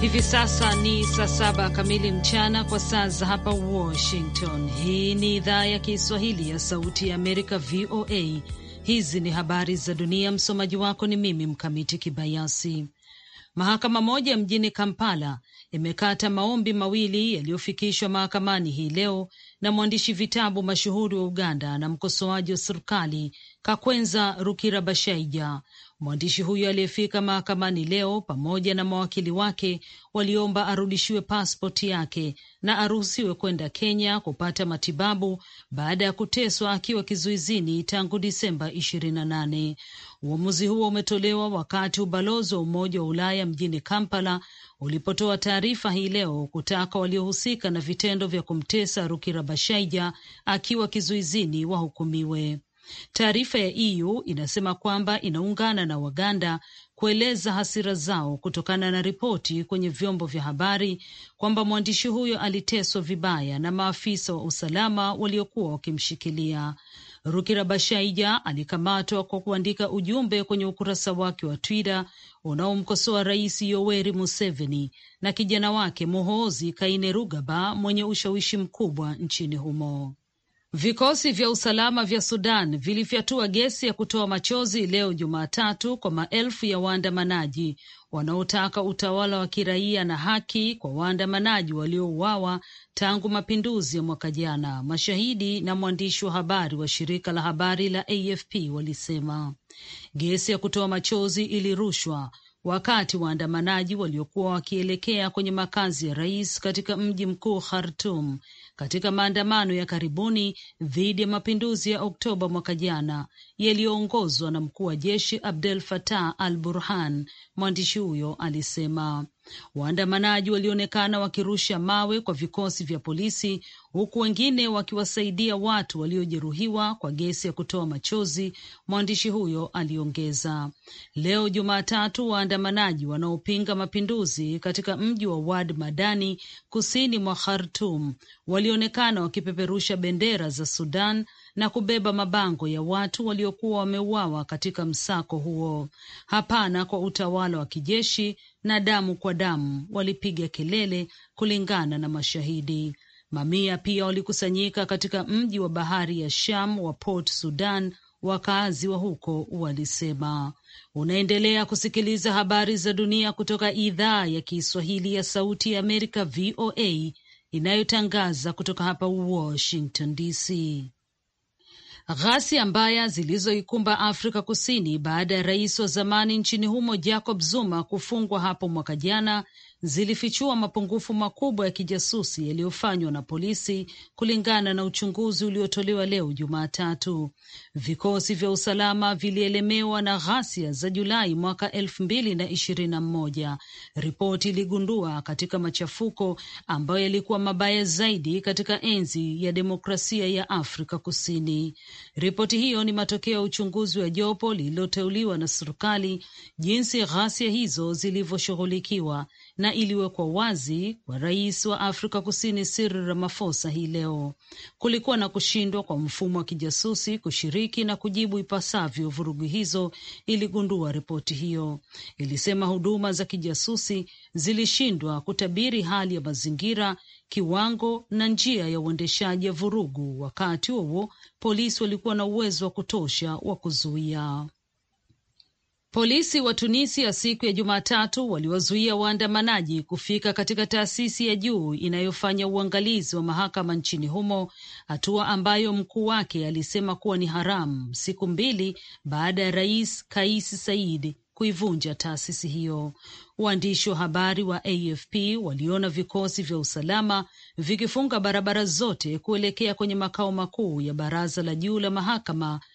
Hivi sasa ni saa saba kamili mchana kwa saa za hapa Washington. Hii ni idhaa ya Kiswahili ya Sauti ya Amerika, VOA. Hizi ni habari za dunia. Msomaji wako ni mimi Mkamiti Kibayasi. Mahakama moja mjini Kampala imekata maombi mawili yaliyofikishwa mahakamani hii leo na mwandishi vitabu mashuhuri wa Uganda na mkosoaji wa serikali Kakwenza rukira bashaija Mwandishi huyo aliyefika mahakamani leo pamoja na mawakili wake waliomba arudishiwe paspoti yake na aruhusiwe kwenda Kenya kupata matibabu baada ya kuteswa akiwa kizuizini tangu Disemba 28. Uamuzi huo umetolewa wakati ubalozi wa Umoja wa Ulaya mjini Kampala ulipotoa taarifa hii leo kutaka waliohusika na vitendo vya kumtesa Rukirabashaija akiwa kizuizini wahukumiwe. Taarifa ya EU inasema kwamba inaungana na Waganda kueleza hasira zao kutokana na ripoti kwenye vyombo vya habari kwamba mwandishi huyo aliteswa vibaya na maafisa wa usalama waliokuwa wakimshikilia. Rukirabashaija alikamatwa kwa kuandika ujumbe kwenye ukurasa wake wa Twitter unaomkosoa Rais Yoweri Museveni na kijana wake Muhoozi Kainerugaba mwenye ushawishi mkubwa nchini humo. Vikosi vya usalama vya Sudan vilifyatua gesi ya kutoa machozi leo Jumatatu kwa maelfu ya waandamanaji wanaotaka utawala wa kiraia na haki kwa waandamanaji waliouawa tangu mapinduzi ya mwaka jana, mashahidi na mwandishi wa habari wa shirika la habari la AFP walisema. Gesi ya kutoa machozi ilirushwa wakati waandamanaji waliokuwa wakielekea kwenye makazi ya rais katika mji mkuu Khartum katika maandamano ya karibuni dhidi ya mapinduzi ya Oktoba mwaka jana yaliyoongozwa na mkuu wa jeshi Abdel Fattah al Burhan. Mwandishi huyo alisema Waandamanaji walionekana wakirusha mawe kwa vikosi vya polisi huku wengine wakiwasaidia watu waliojeruhiwa kwa gesi ya kutoa machozi. Mwandishi huyo aliongeza, leo Jumatatu, waandamanaji wanaopinga mapinduzi katika mji wa Wad Madani kusini mwa Khartum walionekana wakipeperusha bendera za Sudan na kubeba mabango ya watu waliokuwa wameuawa katika msako huo. Hapana kwa utawala wa kijeshi na damu kwa damu walipiga kelele, kulingana na mashahidi. Mamia pia walikusanyika katika mji wa bahari ya Sham wa Port Sudan, wakaazi wa huko walisema. Unaendelea kusikiliza habari za dunia kutoka idhaa ya Kiswahili ya Sauti ya Amerika, VOA, inayotangaza kutoka hapa Washington DC. Ghasia mbaya zilizoikumba Afrika Kusini baada ya rais wa zamani nchini humo Jacob Zuma kufungwa hapo mwaka jana zilifichua mapungufu makubwa ya kijasusi yaliyofanywa na polisi, kulingana na uchunguzi uliotolewa leo Jumatatu. Vikosi vya usalama vilielemewa na ghasia za Julai mwaka elfu mbili na ishirini na ripoti iligundua katika machafuko ambayo yalikuwa mabaya zaidi katika enzi ya demokrasia ya Afrika Kusini. Ripoti hiyo ni matokeo ya uchunguzi wa jopo lililoteuliwa na serikali jinsi ghasia hizo zilivyoshughulikiwa na iliwekwa wazi kwa rais wa Afrika Kusini Cyril Ramaphosa hii leo. Kulikuwa na kushindwa kwa mfumo wa kijasusi kushiriki na kujibu ipasavyo vurugu hizo, iligundua ripoti hiyo. Ilisema huduma za kijasusi zilishindwa kutabiri hali ya mazingira, kiwango na njia ya uendeshaji ya vurugu. Wakati huo polisi walikuwa na uwezo wa kutosha wa kuzuia Polisi wa Tunisia siku ya Jumatatu waliwazuia waandamanaji kufika katika taasisi ya juu inayofanya uangalizi wa mahakama nchini humo, hatua ambayo mkuu wake alisema kuwa ni haramu, siku mbili baada ya rais Kais Saied kuivunja taasisi hiyo. Waandishi wa habari wa AFP waliona vikosi vya usalama vikifunga barabara zote kuelekea kwenye makao makuu ya baraza la juu la mahakama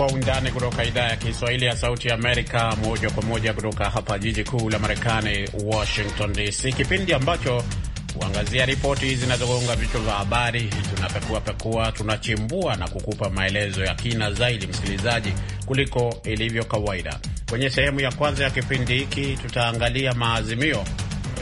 Kwa Undani kutoka idhaa ya Kiswahili ya Sauti ya Amerika, moja kwa moja kutoka hapa jiji kuu la Marekani, Washington DC, kipindi ambacho huangazia ripoti zinazogonga vichwa vya habari. Tunapekuapekua, tunachimbua na kukupa maelezo ya kina zaidi, msikilizaji, kuliko ilivyo kawaida. Kwenye sehemu ya kwanza ya kipindi hiki tutaangalia maazimio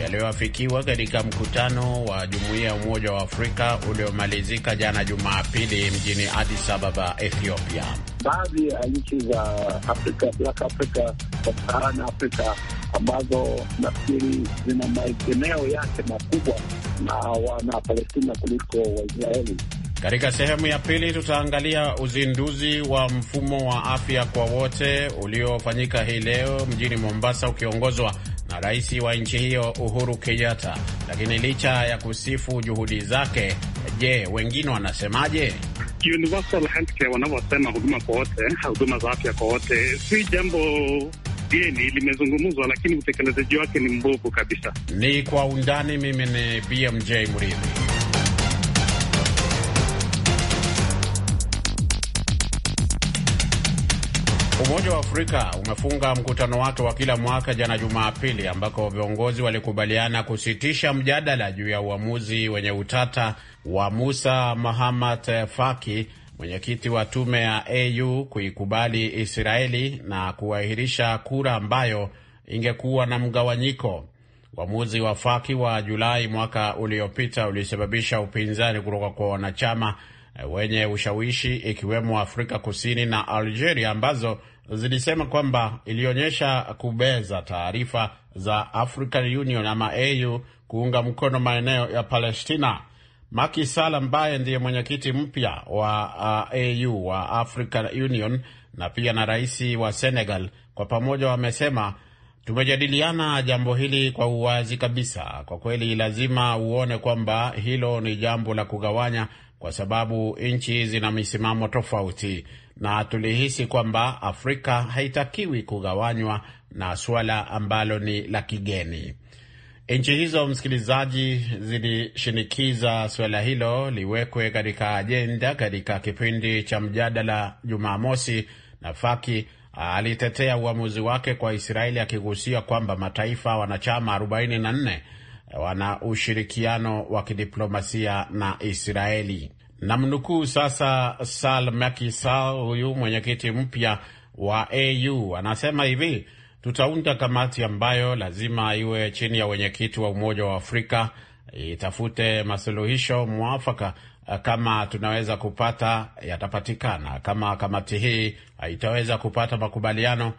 yaliyoafikiwa katika mkutano wa Jumuiya ya Umoja wa Afrika uliomalizika jana jumaapili mjini adisababa Ababa, Ethiopia baadhi ya nchi za Afrika, Black Africa, Saharan Africa ambazo nafikiri zina maegemeo yake makubwa na wana Palestina kuliko Waisraeli. Katika sehemu ya pili tutaangalia uzinduzi wa mfumo wa afya kwa wote uliofanyika hii leo mjini Mombasa, ukiongozwa na rais wa nchi hiyo Uhuru Kenyatta. Lakini licha ya kusifu juhudi zake, je, wengine wanasemaje? universal healthcare wanavyosema huduma kwa wote, huduma za afya kwa wote, si jambo geni, limezungumzwa, lakini utekelezaji wake ni mbovu kabisa. Ni kwa undani. Mimi ni BMJ Mridhi. Umoja wa Afrika umefunga mkutano wake wa kila mwaka jana Jumapili, ambako viongozi walikubaliana kusitisha mjadala juu ya uamuzi wenye utata wa Musa Mahamat Faki, mwenyekiti wa tume ya AU kuikubali Israeli na kuahirisha kura ambayo ingekuwa na mgawanyiko. Uamuzi wa Faki wa Julai mwaka uliopita ulisababisha upinzani kutoka kwa wanachama wenye ushawishi ikiwemo Afrika Kusini na Algeria ambazo zilisema kwamba ilionyesha kubeza taarifa za African Union ama AU kuunga mkono maeneo ya Palestina. Macky Sall ambaye ndiye mwenyekiti mpya wa uh, AU wa African Union na pia na rais wa Senegal kwa pamoja wamesema tumejadiliana jambo hili kwa uwazi kabisa. Kwa kweli, lazima uone kwamba hilo ni jambo la kugawanya, kwa sababu nchi zina misimamo tofauti na tulihisi kwamba Afrika haitakiwi kugawanywa na suala ambalo ni la kigeni. Nchi hizo, msikilizaji, zilishinikiza suala hilo liwekwe katika ajenda katika kipindi cha mjadala Jumamosi, na Faki alitetea uamuzi wake kwa Israeli akigusia kwamba mataifa wanachama 44 wana ushirikiano wa kidiplomasia na Israeli. Namnukuu sasa Sal Makisal, huyu mwenyekiti mpya wa AU anasema hivi: tutaunda kamati ambayo lazima iwe chini ya wenyekiti wa Umoja wa Afrika, itafute masuluhisho mwafaka kama tunaweza kupata yatapatikana. Kama kamati hii haitaweza kupata makubaliano,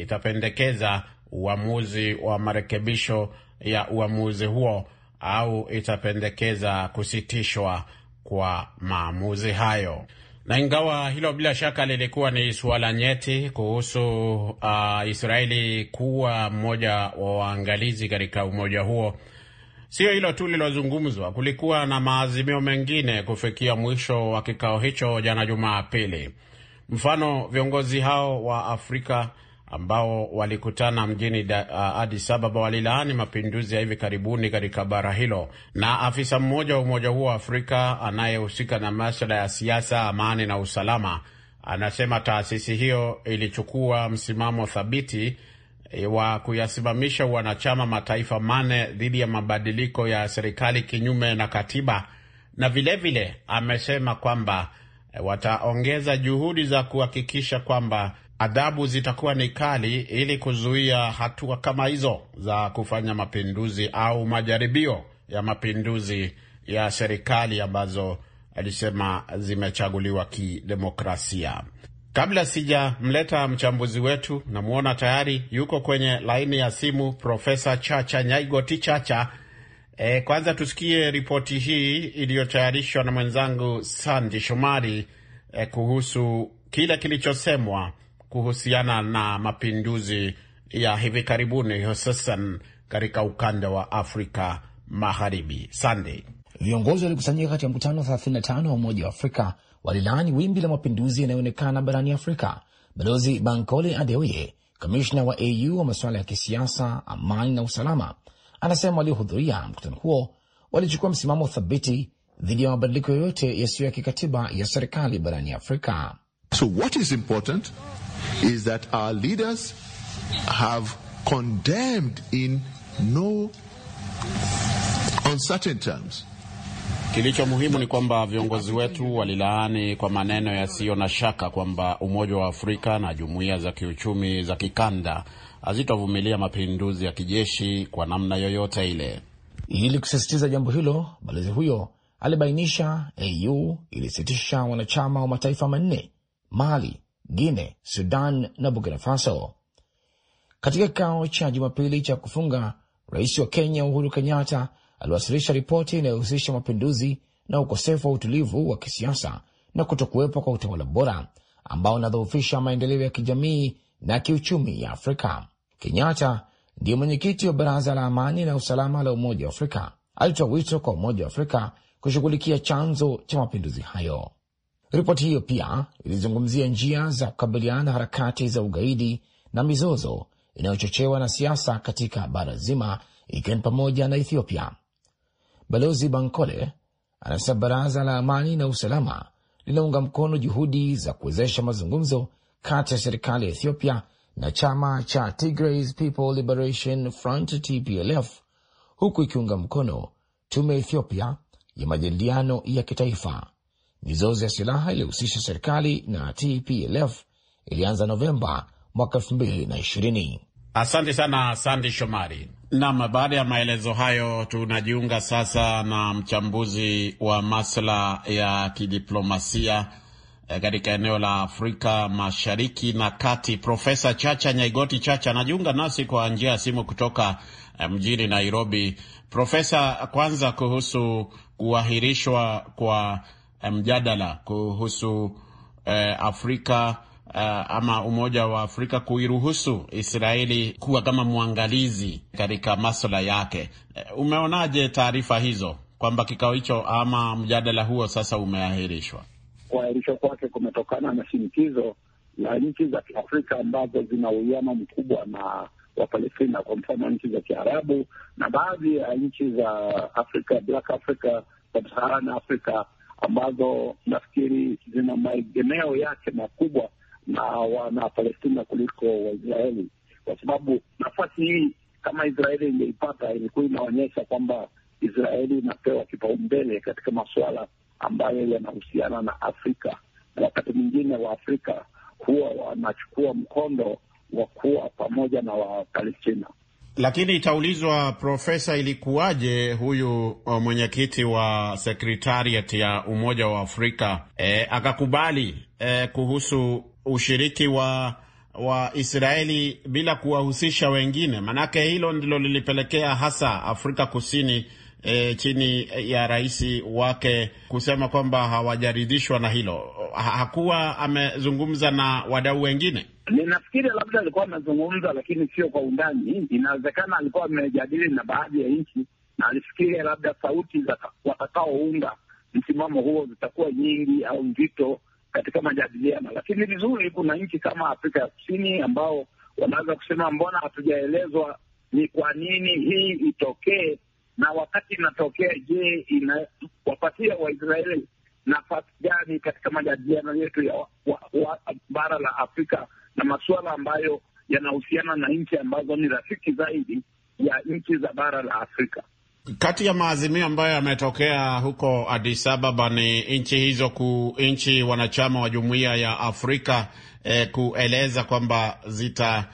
itapendekeza uamuzi wa marekebisho ya uamuzi huo au itapendekeza kusitishwa kwa maamuzi hayo. Na ingawa hilo bila shaka lilikuwa ni suala nyeti kuhusu uh, Israeli kuwa mmoja wa waangalizi katika umoja huo, sio hilo tu lilozungumzwa. Kulikuwa na maazimio mengine kufikia mwisho wa kikao hicho jana Jumapili. Mfano, viongozi hao wa Afrika ambao walikutana mjini uh, Addis Ababa walilaani mapinduzi ya hivi karibuni katika bara hilo. Na afisa mmoja wa Umoja huo wa Afrika anayehusika na masuala ya siasa, amani na usalama anasema taasisi hiyo ilichukua msimamo thabiti e, wa kuyasimamisha wanachama mataifa mane dhidi ya mabadiliko ya serikali kinyume na katiba, na vilevile vile, amesema kwamba e, wataongeza juhudi za kuhakikisha kwamba adhabu zitakuwa ni kali ili kuzuia hatua kama hizo za kufanya mapinduzi au majaribio ya mapinduzi ya serikali ambazo alisema zimechaguliwa kidemokrasia. Kabla sijamleta mchambuzi wetu, namwona tayari yuko kwenye laini ya simu, Profesa Chacha Nyaigoti Chacha. E, kwanza tusikie ripoti hii iliyotayarishwa na mwenzangu Sandi Shomari e, kuhusu kile kilichosemwa kuhusiana na mapinduzi ya hivi karibuni hususan katika ukanda wa Afrika Magharibi. Sunday, viongozi walikusanyika kati ya mkutano wa 35 wa Umoja wa Afrika walilaani wimbi la mapinduzi yanayoonekana barani Afrika. Balozi Bankole Adeoye, kamishna wa AU wa masuala ya kisiasa, amani na usalama, anasema waliohudhuria mkutano huo walichukua msimamo thabiti dhidi ya mabadiliko yoyote yasiyo ya kikatiba ya serikali barani Afrika. So what is important is that our leaders have condemned in no uncertain terms. Kilicho muhimu ni kwamba viongozi wetu walilaani kwa maneno yasiyo na shaka kwamba Umoja wa Afrika na jumuiya za kiuchumi za kikanda hazitovumilia mapinduzi ya kijeshi kwa namna yoyote ile. Ili kusisitiza jambo hilo, balozi huyo alibainisha AU ilisitisha wanachama wa mataifa manne: Mali, Guine, Sudan na Burkina Faso. Katika kikao cha Jumapili cha kufunga, rais wa Kenya Uhuru Kenyatta aliwasilisha ripoti inayohusisha mapinduzi na ukosefu wa utulivu wa kisiasa na kutokuwepo kwa utawala bora ambao unadhoofisha maendeleo ya kijamii na kiuchumi ya Afrika. Kenyatta ndiye mwenyekiti wa Baraza la Amani na Usalama la Umoja wa Afrika. Alitoa wito kwa Umoja wa Afrika kushughulikia chanzo cha mapinduzi hayo. Ripoti hiyo pia ilizungumzia njia za kukabiliana na harakati za ugaidi na mizozo inayochochewa na siasa katika bara zima, ikiwa ni pamoja na Ethiopia. Balozi Bankole anasema baraza la amani na usalama linaunga mkono juhudi za kuwezesha mazungumzo kati ya serikali ya Ethiopia na chama cha Tigray People Liberation Front TPLF, huku ikiunga mkono tume Ethiopia ya majadiliano ya kitaifa Mizozo ya silaha iliyohusisha serikali na TPLF ilianza Novemba mwaka 2020. Asante sana Sandi Shomari. Nam, baada ya maelezo hayo, tunajiunga sasa na mchambuzi wa masuala ya kidiplomasia eh, katika eneo la Afrika Mashariki na Kati, Profesa Chacha Nyaigoti Chacha anajiunga nasi kwa njia ya simu kutoka eh, mjini Nairobi. Profesa, kwanza kuhusu kuahirishwa kwa Eh, mjadala kuhusu eh, Afrika eh, ama Umoja wa Afrika kuiruhusu Israeli kuwa kama mwangalizi katika maswala yake. Eh, umeonaje taarifa hizo kwamba kikao hicho ama mjadala huo sasa umeahirishwa? Kuahirishwa kwake kumetokana na shinikizo la nchi za Kiafrika ambazo zina uwiano mkubwa na Wapalestina, kwa mfano nchi za Kiarabu na baadhi ya nchi za Afrika, Black Africa, Sub-Saharan Africa ambazo nafikiri zina maegemeo yake makubwa na Wanapalestina kuliko Waisraeli, kwa sababu nafasi hii kama Israeli ingeipata ilikuwa inaonyesha kwamba Israeli inapewa kipaumbele katika masuala ambayo yanahusiana na Afrika, na wakati mwingine Waafrika huwa wanachukua mkondo wa kuwa pamoja na Wapalestina. Lakini itaulizwa Profesa, ilikuwaje huyu uh, mwenyekiti wa sekretariat ya Umoja wa Afrika e, akakubali e, kuhusu ushiriki wa wa Israeli bila kuwahusisha wengine? Manake hilo ndilo lilipelekea hasa Afrika Kusini e, chini ya rais wake kusema kwamba hawajaridhishwa na hilo hakuwa amezungumza na wadau wengine? Ninafikiri labda alikuwa amezungumza, lakini sio kwa undani. Inawezekana alikuwa amejadili na baadhi ya nchi na alifikiria labda sauti za watakaounga msimamo huo zitakuwa nyingi au nzito katika majadiliano. Lakini vizuri, kuna nchi kama Afrika ya Kusini ambao wanaweza kusema mbona hatujaelezwa ni kwa nini hii itokee, na wakati inatokea, je, inawapatia Waisraeli nafasi gani katika majadiliano yetu ya wa, wa, wa, bara la Afrika na masuala ambayo yanahusiana na nchi ambazo ni rafiki zaidi ya nchi za bara la Afrika. Kati ya maazimio ambayo yametokea huko Addis Ababa ni nchi hizo ku nchi wanachama wa jumuiya ya Afrika eh, kueleza kwamba zita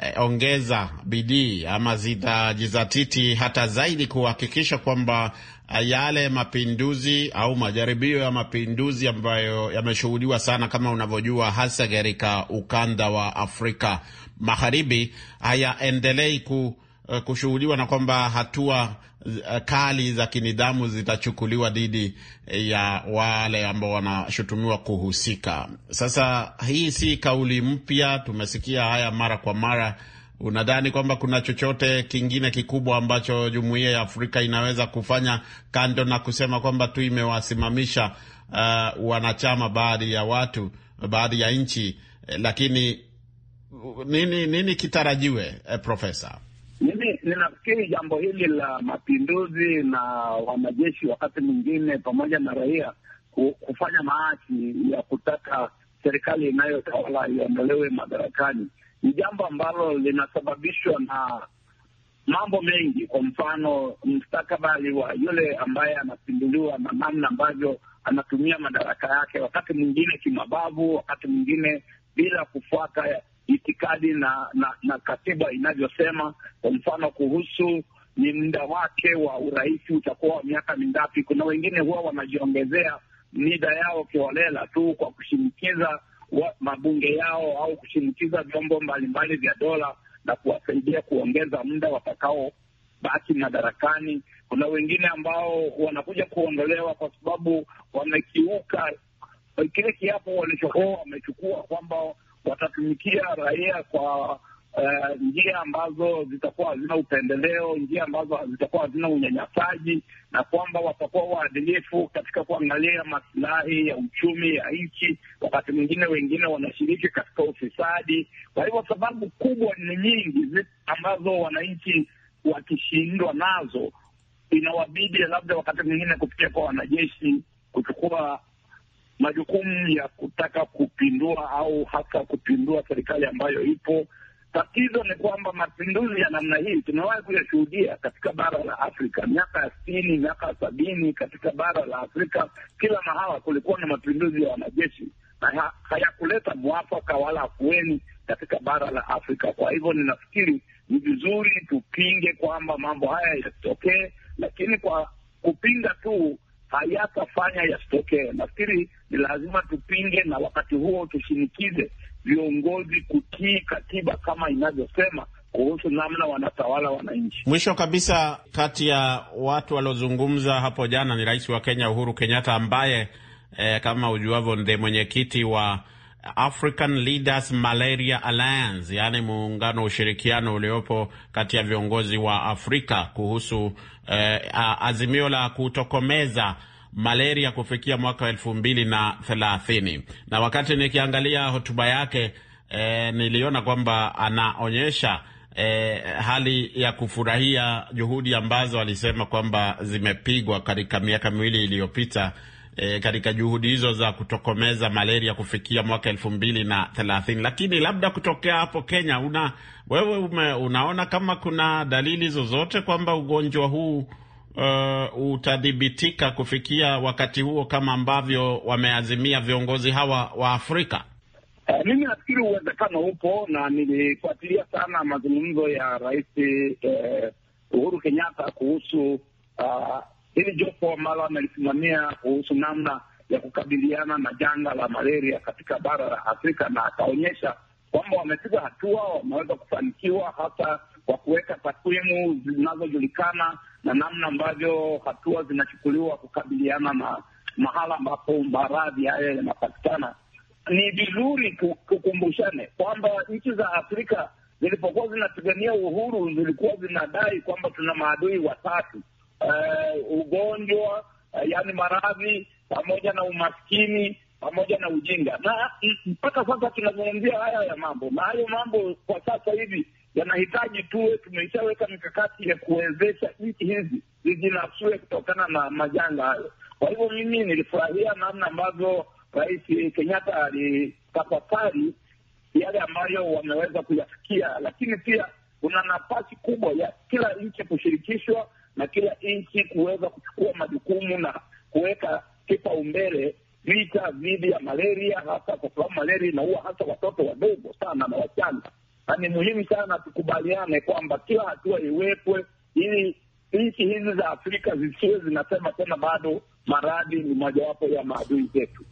eh, ongeza bidii ama zitajizatiti hata zaidi kuhakikisha kwamba eh, yale mapinduzi au majaribio ya mapinduzi ambayo yameshuhudiwa sana kama unavyojua, hasa katika ukanda wa Afrika Magharibi hayaendelei ku Eh, kushuhudiwa na kwamba hatua eh, kali za kinidhamu zitachukuliwa dhidi eh, ya wale ambao wanashutumiwa kuhusika. Sasa hii si kauli mpya, tumesikia haya mara kwa mara. Unadhani kwamba kuna chochote kingine kikubwa ambacho jumuiya ya Afrika inaweza kufanya kando na kusema kwamba tu imewasimamisha uh, wanachama baadhi ya watu, baadhi ya nchi eh, lakini nini nini kitarajiwe eh, Profesa? Mimi ninafikiri jambo hili la mapinduzi na wanajeshi wakati mwingine pamoja na raia kufanya maasi ya kutaka serikali inayotawala iondolewe madarakani ni jambo ambalo linasababishwa na mambo mengi. Kwa mfano, mstakabali wa yule ambaye anapinduliwa na namna ambavyo anatumia madaraka yake, wakati mwingine kimabavu, wakati mwingine bila kufuata itikadi na, na, na katiba inavyosema. Kwa mfano kuhusu ni muda wake wa urais utakuwa wa miaka mingapi. Kuna wengine huwa wanajiongezea mida yao kiholela tu kwa kushinikiza mabunge yao au kushinikiza vyombo mbalimbali vya dola na kuwasaidia kuongeza muda watakao baki madarakani. Kuna wengine ambao wanakuja kuondolewa kwa sababu wamekiuka kile kiapo walichokuwa wamechukua kwamba watatumikia raia kwa uh, njia ambazo zitakuwa hazina upendeleo, njia ambazo zitakuwa hazina unyanyasaji, na kwamba watakuwa waadilifu katika kuangalia masilahi ya uchumi ya nchi. Wakati mwingine wengine wanashiriki katika ufisadi. Kwa hivyo sababu kubwa ni nyingi ambazo wananchi wakishindwa nazo inawabidi labda wakati mwingine kupitia kwa wanajeshi kuchukua majukumu ya kutaka kupindua au hasa kupindua serikali ambayo ipo. Tatizo ni kwamba mapinduzi ya namna hii tumewahi kuyashuhudia katika bara la Afrika miaka ya sitini, miaka ya sabini. Katika bara la Afrika kila mahala kulikuwa na mapinduzi ya wanajeshi na hayakuleta mwafaka wala afueni katika bara la Afrika. Kwa hivyo ninafikiri ni vizuri tupinge kwamba mambo haya yasitokee, lakini kwa kupinga tu hayatafanya yasitokee. Nafikiri ni lazima tupinge na wakati huo tushinikize viongozi kutii katiba kama inavyosema kuhusu namna wanatawala wananchi. Mwisho kabisa, kati ya watu waliozungumza hapo jana ni rais wa Kenya Uhuru Kenyatta ambaye eh, kama ujuavyo ndiye mwenyekiti wa African Leaders Malaria Alliance, yaani muungano wa ushirikiano uliopo kati ya viongozi wa Afrika kuhusu eh, azimio la kutokomeza malaria kufikia mwaka wa elfu mbili na thelathini. Na wakati nikiangalia hotuba yake e, niliona kwamba anaonyesha e, hali ya kufurahia juhudi ambazo alisema kwamba zimepigwa katika miaka miwili iliyopita. E, katika juhudi hizo za kutokomeza malaria kufikia mwaka elfu mbili na thelathini. Lakini labda kutokea hapo Kenya, una wewe ume, unaona kama kuna dalili zozote kwamba ugonjwa huu uh, utadhibitika kufikia wakati huo kama ambavyo wameazimia viongozi hawa wa Afrika? Uh, mimi nafikiri uwezekano upo, na nilifuatilia sana mazungumzo ya Rais eh, Uhuru Kenyatta kuhusu ah, hili uh, jopo ambalo amelisimamia kuhusu namna ya kukabiliana na janga la malaria katika bara la Afrika, na akaonyesha kwamba wamepiga hatua, wameweza kufanikiwa hasa kwa kuweka takwimu zinazojulikana na namna ambavyo hatua zinachukuliwa kukabiliana na mahala ambapo maradhi hayo yanapatikana. Ni vizuri kukumbushane kwamba nchi za Afrika zilipokuwa zinapigania uhuru zilikuwa zinadai kwamba tuna maadui watatu: uh, ugonjwa uh, yaani maradhi, pamoja na umaskini, pamoja na ujinga. Na mpaka sasa tunazungumzia haya ya mambo, na hayo mambo kwa sasa hivi yanahitaji tuwe tumeshaweka mikakati ya kuwezesha nchi hizi zijinasue kutokana na majanga hayo. Kwa hivyo mimi nilifurahia namna ambavyo Rais Kenyatta alitafakari yale ambayo wameweza kuyafikia, lakini pia kuna nafasi kubwa ya kila nchi kushirikishwa na kila nchi kuweza kuchukua majukumu na kuweka kipaumbele vita dhidi ya malaria, hasa kwa sababu malaria inaua hasa watoto wadogo sana na wachanga na ni muhimu sana tukubaliane kwamba kila hatua iwekwe ili nchi hizi za Afrika zisiwe zinasema tena bado maradhi ni mojawapo ya maadui zetu.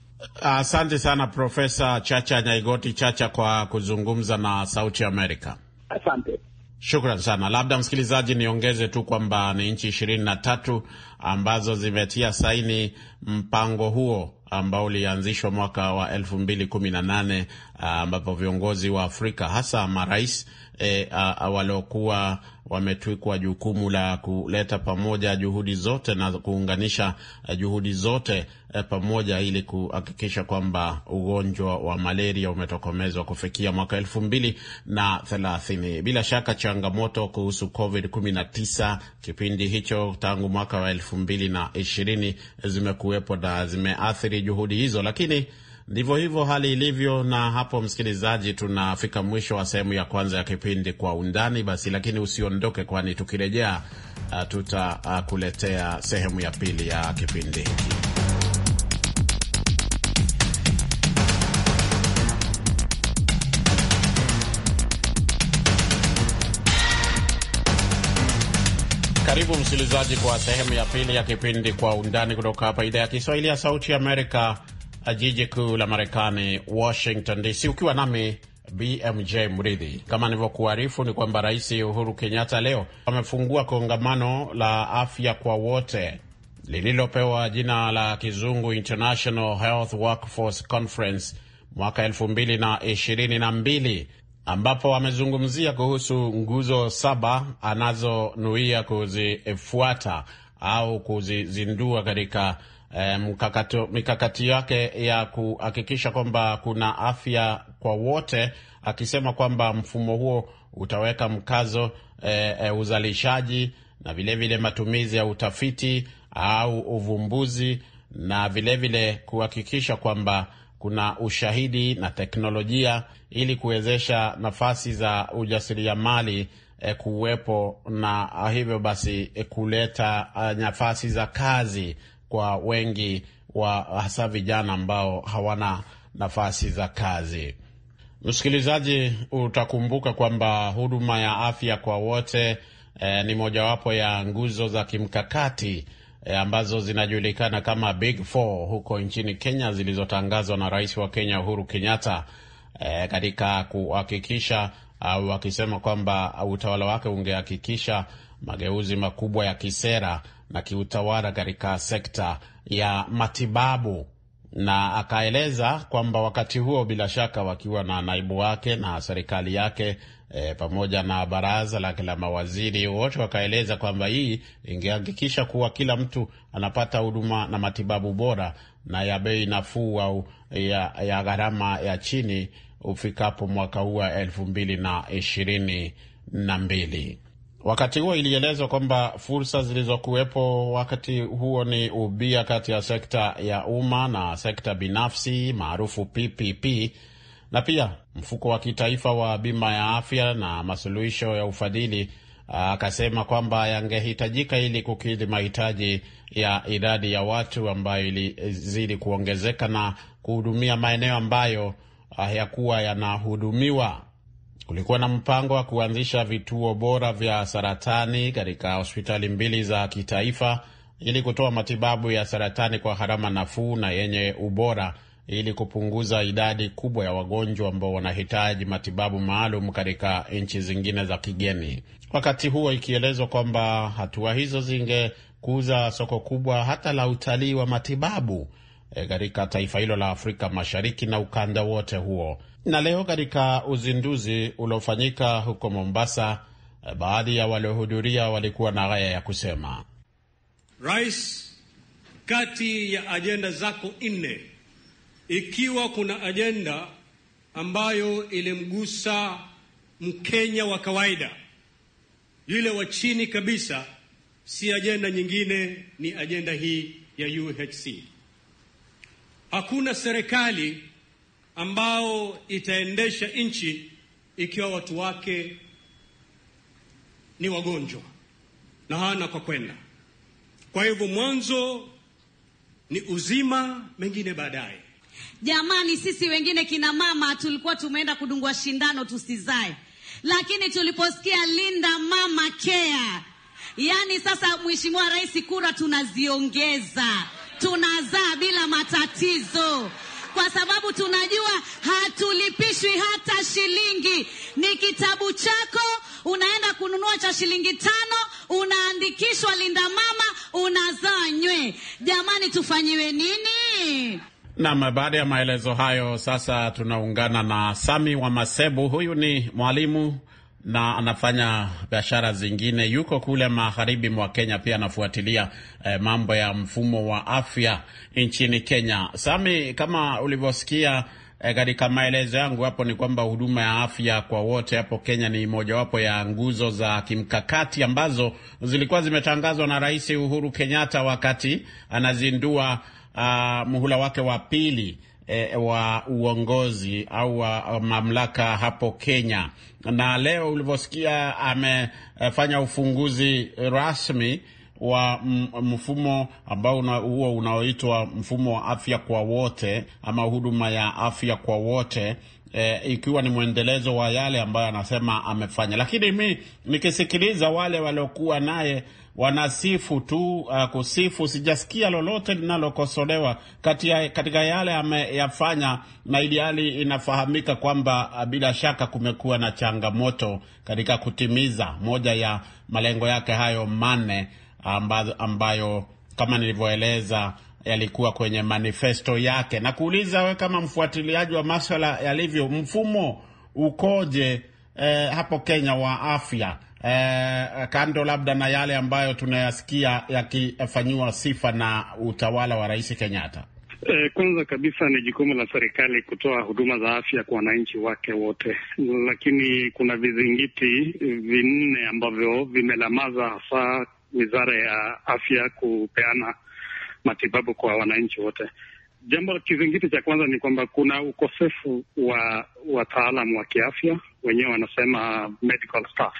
Asante uh, sana Profesa Chacha Nyaigoti Chacha kwa kuzungumza na Sauti Amerika. Asante. Shukran sana. Labda msikilizaji, niongeze tu kwamba ni nchi ishirini na tatu ambazo zimetia saini mpango huo ambao ulianzishwa mwaka wa elfu mbili kumi na nane ambapo viongozi wa Afrika hasa marais e, waliokuwa wametwikwa jukumu la kuleta pamoja juhudi zote na kuunganisha e, juhudi zote e, pamoja ili kuhakikisha kwamba ugonjwa wa malaria umetokomezwa kufikia mwaka elfu mbili na thelathini. Bila shaka changamoto kuhusu COVID 19 kipindi hicho tangu mwaka wa elfu mbili na ishirini zimekuwepo na zimeathiri juhudi hizo, lakini Ndivyo hivyo hali ilivyo, na hapo, msikilizaji, tunafika mwisho wa sehemu ya kwanza ya kipindi Kwa Undani. Basi lakini usiondoke, kwani tukirejea uh, tutakuletea uh, sehemu ya pili ya kipindi hiki. Karibu msikilizaji kwa sehemu ya pili ya kipindi Kwa Undani kutoka hapa idhaa ya Kiswahili ya Sauti Amerika jiji kuu la Marekani, Washington DC, ukiwa nami BMJ Mridhi. Kama nilivyokuarifu ni kwamba Rais Uhuru Kenyatta leo amefungua kongamano la afya kwa wote lililopewa jina la kizungu International Health Workforce Conference mwaka elfu mbili na ishirini na mbili ambapo amezungumzia kuhusu nguzo saba anazonuia kuzifuata au kuzizindua katika mikakati yake ya kuhakikisha kwamba kuna afya kwa wote, akisema kwamba mfumo huo utaweka mkazo e, e, uzalishaji na vilevile vile matumizi ya utafiti au uvumbuzi na vilevile kuhakikisha kwamba kuna ushahidi na teknolojia ili kuwezesha nafasi za ujasiriamali e, kuwepo na hivyo basi e, kuleta nafasi za kazi kwa wengi wa hasa vijana ambao hawana nafasi za kazi. Msikilizaji, utakumbuka kwamba huduma ya afya kwa wote eh, ni mojawapo ya nguzo za kimkakati eh, ambazo zinajulikana kama Big Four huko nchini Kenya zilizotangazwa na Rais wa Kenya Uhuru Kenyatta eh, katika kuhakikisha au akisema kwamba utawala wake ungehakikisha mageuzi makubwa ya kisera na kiutawala katika sekta ya matibabu na akaeleza kwamba wakati huo bila shaka wakiwa na naibu wake na serikali yake e, pamoja na baraza lake la mawaziri wote wakaeleza kwamba hii ingehakikisha kuwa kila mtu anapata huduma na matibabu bora na ya bei nafuu au ya, ya gharama ya chini ufikapo mwaka huu wa elfu mbili na ishirini na mbili. Wakati huo ilielezwa kwamba fursa zilizokuwepo wakati huo ni ubia kati ya sekta ya umma na sekta binafsi maarufu PPP na pia mfuko wa kitaifa wa bima ya afya na masuluhisho ya ufadhili. Akasema kwamba yangehitajika ili kukidhi mahitaji ya idadi ya watu ambayo ilizidi kuongezeka na kuhudumia maeneo ambayo hayakuwa yanahudumiwa kulikuwa na mpango wa kuanzisha vituo bora vya saratani katika hospitali mbili za kitaifa ili kutoa matibabu ya saratani kwa gharama nafuu na yenye ubora ili kupunguza idadi kubwa ya wagonjwa ambao wanahitaji matibabu maalum katika nchi zingine za kigeni. Wakati huo ikielezwa kwamba hatua hizo zingekuza soko kubwa hata la utalii wa matibabu eh, katika e, taifa hilo la Afrika Mashariki na ukanda wote huo na leo katika uzinduzi uliofanyika huko Mombasa, baadhi ya waliohudhuria walikuwa na haya ya kusema. Rais, kati ya ajenda zako nne, ikiwa kuna ajenda ambayo ilimgusa Mkenya wa kawaida yule wa chini kabisa, si ajenda nyingine, ni ajenda hii ya UHC. Hakuna serikali ambao itaendesha nchi ikiwa watu wake ni wagonjwa na hana kwa kwenda. Kwa hivyo mwanzo ni uzima, mengine baadaye. Jamani, sisi wengine kina mama tulikuwa tumeenda kudungwa shindano tusizae, lakini tuliposikia Linda Mama Care, yaani sasa Mheshimiwa Rais, kura tunaziongeza, tunazaa bila matatizo kwa sababu tunajua hatulipishwi hata shilingi. Ni kitabu chako, unaenda kununua cha shilingi tano, unaandikishwa Linda Mama, unazaa nywe. Jamani, tufanyiwe nini? Nam, baada ya maelezo hayo, sasa tunaungana na Sami wa Masebu. Huyu ni mwalimu na anafanya biashara zingine, yuko kule magharibi mwa Kenya, pia anafuatilia eh, mambo ya mfumo wa afya nchini Kenya. Sami, kama ulivyosikia eh, katika maelezo yangu hapo ni kwamba huduma ya afya kwa wote hapo Kenya ni mojawapo ya nguzo za kimkakati ambazo zilikuwa zimetangazwa na Rais Uhuru Kenyatta wakati anazindua uh, muhula wake wa pili e, wa uongozi au wa mamlaka hapo Kenya na leo ulivyosikia amefanya ufunguzi rasmi wa mfumo ambao huo unaoitwa mfumo wa afya kwa wote ama huduma ya afya kwa wote. E, ikiwa ni mwendelezo wa yale ambayo anasema amefanya, lakini mi nikisikiliza wale waliokuwa naye wanasifu tu uh, kusifu. Sijasikia lolote linalokosolewa katika yale ameyafanya, na ili hali inafahamika kwamba uh, bila shaka kumekuwa na changamoto katika kutimiza moja ya malengo yake hayo manne ambayo, ambayo kama nilivyoeleza yalikuwa kwenye manifesto yake, na kuuliza we kama mfuatiliaji wa maswala yalivyo, mfumo ukoje eh, hapo Kenya wa afya eh, kando labda na yale ambayo tunayasikia yakifanyiwa sifa na utawala wa Rais Kenyatta? Eh, kwanza kabisa ni jukumu la serikali kutoa huduma za afya kwa wananchi wake wote, lakini kuna vizingiti vinne ambavyo vimelamaza hasa wizara ya afya kupeana matibabu kwa wananchi wote. Jambo kizingiti cha kwanza ni kwamba kuna ukosefu wa wataalam wa kiafya, wenyewe wanasema medical staff.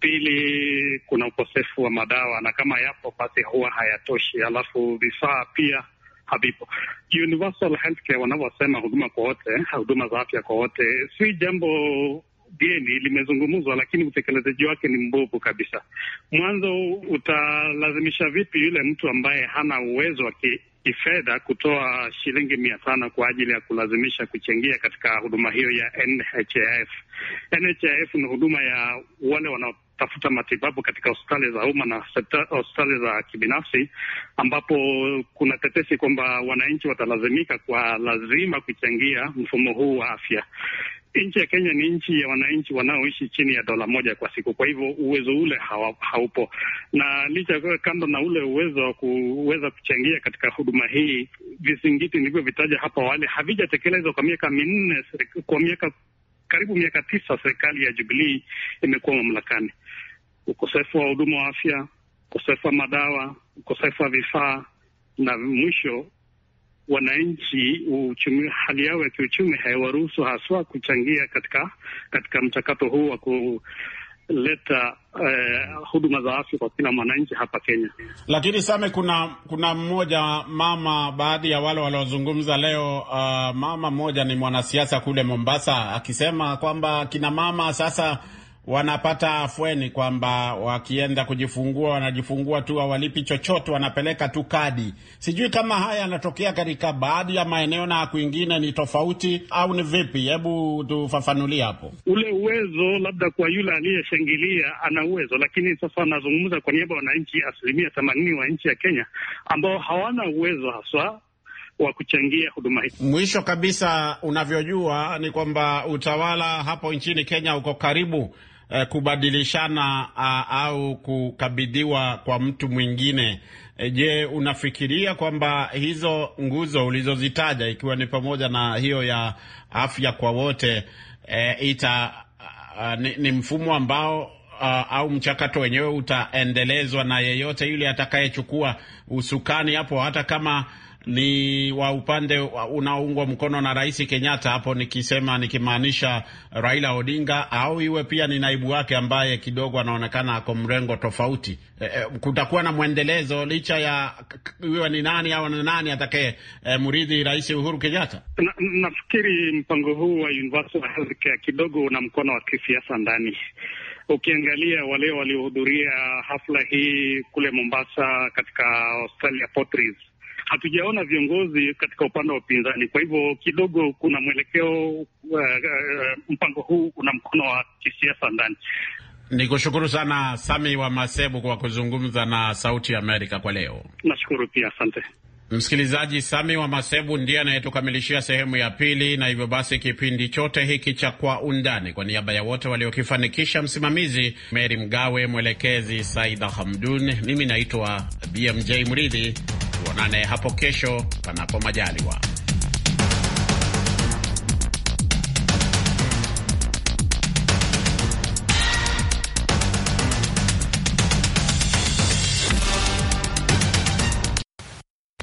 Pili, kuna ukosefu wa madawa, na kama yapo basi huwa hayatoshi, alafu vifaa pia havipo. Universal healthcare wanavyosema huduma kwa wote, huduma za afya kwa wote, si jambo geni limezungumzwa, lakini utekelezaji wake ni mbovu kabisa. Mwanzo, utalazimisha vipi yule mtu ambaye hana uwezo wa kifedha kutoa shilingi mia tano kwa ajili ya kulazimisha kuchangia katika huduma hiyo ya NHIF? NHIF ni huduma ya wale wanao tafuta matibabu katika hospitali za umma na hospitali za kibinafsi, ambapo kuna tetesi kwamba wananchi watalazimika kwa lazima kuchangia mfumo huu wa afya nchi ya Kenya ni nchi ya wananchi wanaoishi chini ya dola moja kwa siku. Kwa hivyo uwezo ule hawa, haupo na licha kando na ule uwezo wa kuweza kuchangia katika huduma hii, vizingiti nilivyovitaja hapo awali havijatekelezwa kwa miaka minne, kwa miaka karibu miaka tisa serikali ya Jubilee imekuwa mamlakani. Ukosefu wa huduma wa afya, ukosefu wa madawa, ukosefu wa vifaa na mwisho wananchi uchumi, hali yao ya kiuchumi haiwaruhusu haswa kuchangia katika katika mchakato huu wa kuleta eh, huduma za afya kwa kila mwananchi hapa Kenya. Lakini Same, kuna kuna mmoja mama, baadhi ya wale waliozungumza leo, uh, mama mmoja ni mwanasiasa kule Mombasa akisema kwamba kina mama sasa wanapata afweni kwamba wakienda kujifungua wanajifungua tu, hawalipi chochote, wanapeleka tu kadi. Sijui kama haya yanatokea katika baadhi ya maeneo na kwingine ni tofauti au ni vipi? Hebu tufafanulie hapo. Ule uwezo labda kwa yule aliyeshangilia ana uwezo, lakini sasa anazungumza kwa niaba ya wananchi asilimia themanini wa nchi ya Kenya ambao hawana uwezo haswa wa kuchangia huduma hii Mwisho kabisa, unavyojua ni kwamba utawala hapo nchini Kenya uko karibu eh, kubadilishana ah, au kukabidhiwa kwa mtu mwingine. Eh, je, unafikiria kwamba hizo nguzo ulizozitaja ikiwa ni pamoja na hiyo ya afya kwa wote e, ita a, ni, ni mfumo ambao a, au mchakato wenyewe utaendelezwa na yeyote yule atakayechukua usukani hapo, hata kama ni wa upande unaoungwa mkono na Rais Kenyatta, hapo nikisema nikimaanisha Raila Odinga, au iwe pia ni naibu wake ambaye kidogo anaonekana ako mrengo tofauti. E, e, kutakuwa na mwendelezo licha ya iwe ni nani au ni nani atakaye e, eh, mridhi Rais Uhuru Kenyatta. Na, nafikiri mpango huu wa universal healthcare kidogo una mkono wa kisiasa ndani Ukiangalia wale waliohudhuria hafla hii kule Mombasa katika hospitali ya Potris hatujaona viongozi katika upande wa upinzani. Kwa hivyo kidogo kuna mwelekeo uh, uh, mpango huu una mkono wa kisiasa ndani. Ni kushukuru sana Sami wa Masebu kwa kuzungumza na Sauti ya Amerika kwa leo. Nashukuru pia, asante msikilizaji. Sami wa Masebu ndiye anayetukamilishia sehemu ya pili, na hivyo basi kipindi chote hiki cha Kwa Undani, kwa niaba ya wote waliokifanikisha, msimamizi Meri Mgawe, mwelekezi Saida Hamdun, mimi naitwa BMJ Mridhi. Tuonane hapo kesho, panapo majaliwa.